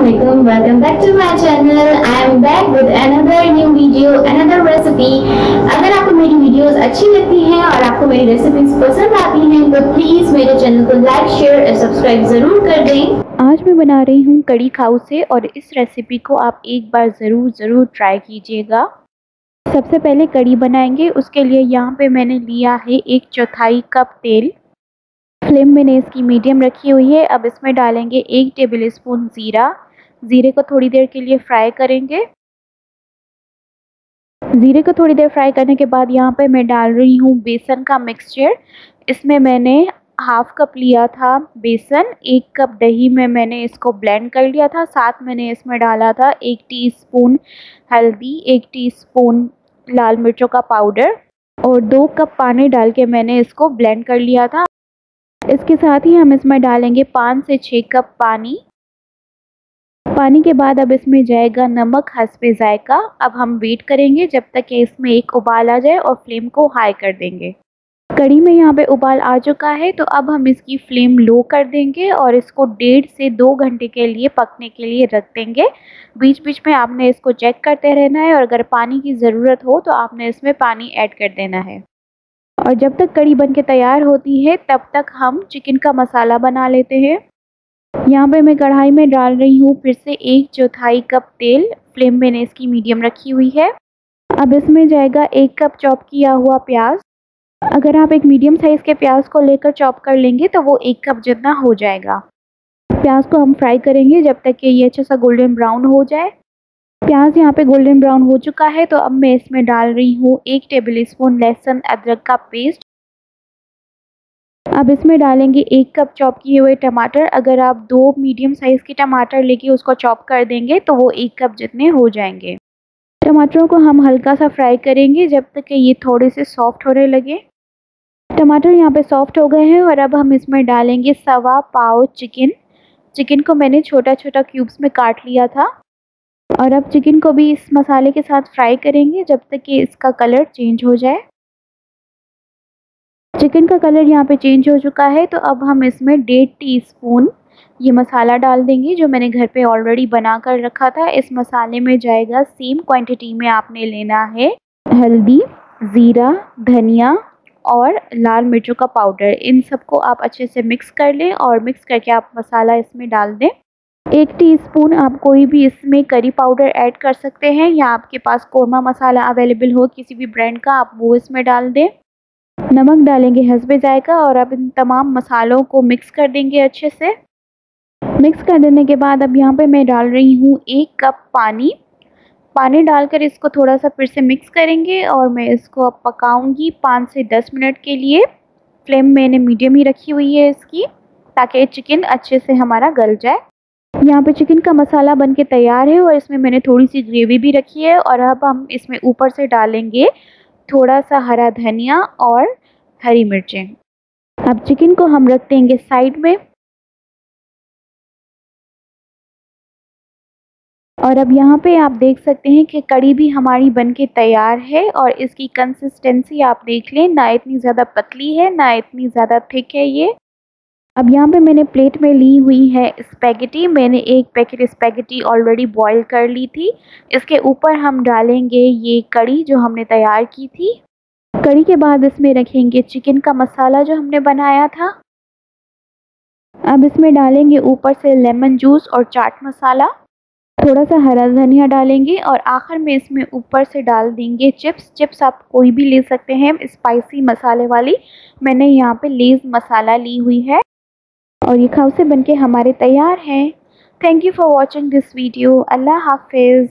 Assalamualaikum. Welcome back to my channel. I am back with another new video, another recipe. अगर आपको मेरी videos अच्छी लगती हैं और आपको मेरी रेसिपीज पसंद आती हैं तो प्लीज़ मेरे चैनल को लाइक शेयर और सब्सक्राइब ज़रूर कर दें आज मैं बना रही हूँ कड़ी खाऊ से और इस रेसिपी को आप एक बार ज़रूर ज़रूर ट्राई कीजिएगा सबसे पहले कड़ी बनाएंगे उसके लिए यहाँ पे मैंने लिया है एक चौथाई कप तेल फ्लेम मैंने इसकी मीडियम रखी हुई है अब इसमें डालेंगे एक टेबल स्पून ज़ीरा ज़ीरे को थोड़ी देर के लिए फ्राई करेंगे ज़ीरे को थोड़ी देर फ्राई करने के बाद यहाँ पे मैं डाल रही हूँ बेसन का मिक्सचर इसमें मैंने हाफ़ कप लिया था बेसन एक कप दही में मैंने इसको ब्लेंड कर लिया था साथ मैंने इसमें डाला था एक टीस्पून हल्दी एक टीस्पून लाल मिर्चों का पाउडर और दो कप पानी डाल के मैंने इसको ब्लेंड कर लिया था इसके साथ ही हम इसमें डालेंगे पाँच से छः कप पानी पानी के बाद अब इसमें जाएगा नमक हंसपे जायका अब हम वेट करेंगे जब तक कि इसमें एक उबाल आ जाए और फ्लेम को हाई कर देंगे कड़ी में यहाँ पे उबाल आ चुका है तो अब हम इसकी फ्लेम लो कर देंगे और इसको डेढ़ से दो घंटे के लिए पकने के लिए रख देंगे बीच बीच में आपने इसको चेक करते रहना है और अगर पानी की ज़रूरत हो तो आपने इसमें पानी ऐड कर देना है और जब तक कड़ी बन के तैयार होती है तब तक हम चिकन का मसाला बना लेते हैं यहाँ पे मैं कढ़ाई में डाल रही हूँ फिर से एक चौथाई कप तेल फ्लेम मैंने इसकी मीडियम रखी हुई है अब इसमें जाएगा एक कप चॉप किया हुआ प्याज अगर आप एक मीडियम साइज़ के प्याज को लेकर चॉप कर लेंगे तो वो एक कप जितना हो जाएगा प्याज को हम फ्राई करेंगे जब तक कि ये अच्छा सा गोल्डन ब्राउन हो जाए प्याज यहाँ पे गोल्डन ब्राउन हो चुका है तो अब मैं इसमें डाल रही हूँ एक टेबल स्पून लहसुन अदरक का पेस्ट अब इसमें डालेंगे एक कप चॉप किए हुए टमाटर अगर आप दो मीडियम साइज़ के टमाटर लेके उसको चॉप कर देंगे तो वो एक कप जितने हो जाएंगे टमाटरों को हम हल्का सा फ्राई करेंगे जब तक कि ये थोड़े से सॉफ्ट होने लगे टमाटर यहाँ पे सॉफ्ट हो गए हैं और अब हम इसमें डालेंगे सवा पाव चिकन चिकन को मैंने छोटा छोटा क्यूब्स में काट लिया था और अब चिकन को भी इस मसाले के साथ फ्राई करेंगे जब तक कि इसका कलर चेंज हो जाए चिकन का कलर यहाँ पे चेंज हो चुका है तो अब हम इसमें डेढ़ टीस्पून ये मसाला डाल देंगे जो मैंने घर पे ऑलरेडी बना कर रखा था इस मसाले में जाएगा सेम क्वांटिटी में आपने लेना है हल्दी ज़ीरा धनिया और लाल मिर्चों का पाउडर इन सबको आप अच्छे से मिक्स कर लें और मिक्स करके आप मसाला इसमें डाल दें एक टीस्पून आप कोई भी इसमें करी पाउडर ऐड कर सकते हैं या आपके पास कोरमा मसाला अवेलेबल हो किसी भी ब्रांड का आप वो इसमें डाल दें नमक डालेंगे हसबे जायका और अब इन तमाम मसालों को मिक्स कर देंगे अच्छे से मिक्स कर देने के बाद अब यहाँ पे मैं डाल रही हूँ एक कप पानी पानी डालकर इसको थोड़ा सा फिर से मिक्स करेंगे और मैं इसको अब पकाऊंगी पाँच से दस मिनट के लिए फ्लेम मैंने मीडियम ही रखी हुई है इसकी ताकि चिकन अच्छे से हमारा गल जाए यहाँ पे चिकन का मसाला बन के तैयार है और इसमें मैंने थोड़ी सी ग्रेवी भी रखी है और अब हम इसमें ऊपर से डालेंगे थोड़ा सा हरा धनिया और हरी मिर्चें अब चिकन को हम रख देंगे साइड में और अब यहाँ पे आप देख सकते हैं कि कड़ी भी हमारी बनके तैयार है और इसकी कंसिस्टेंसी आप देख लें ना इतनी ज़्यादा पतली है ना इतनी ज़्यादा थिक है ये अब यहाँ पे मैंने प्लेट में ली हुई है स्पेगेटी मैंने एक पैकेट स्पेगेटी ऑलरेडी बॉईल कर ली थी इसके ऊपर हम डालेंगे ये कड़ी जो हमने तैयार की थी कड़ी के बाद इसमें रखेंगे चिकन का मसाला जो हमने बनाया था अब इसमें डालेंगे ऊपर से लेमन जूस और चाट मसाला थोड़ा सा हरा धनिया डालेंगे और आखिर में इसमें ऊपर से डाल देंगे चिप्स चिप्स आप कोई भी ले सकते हैं स्पाइसी मसाले वाली मैंने यहाँ पे लेज़ मसाला ली हुई है और ये खाउसे बनके हमारे तैयार हैं thank you for watching this video अल्लाह हाफिज़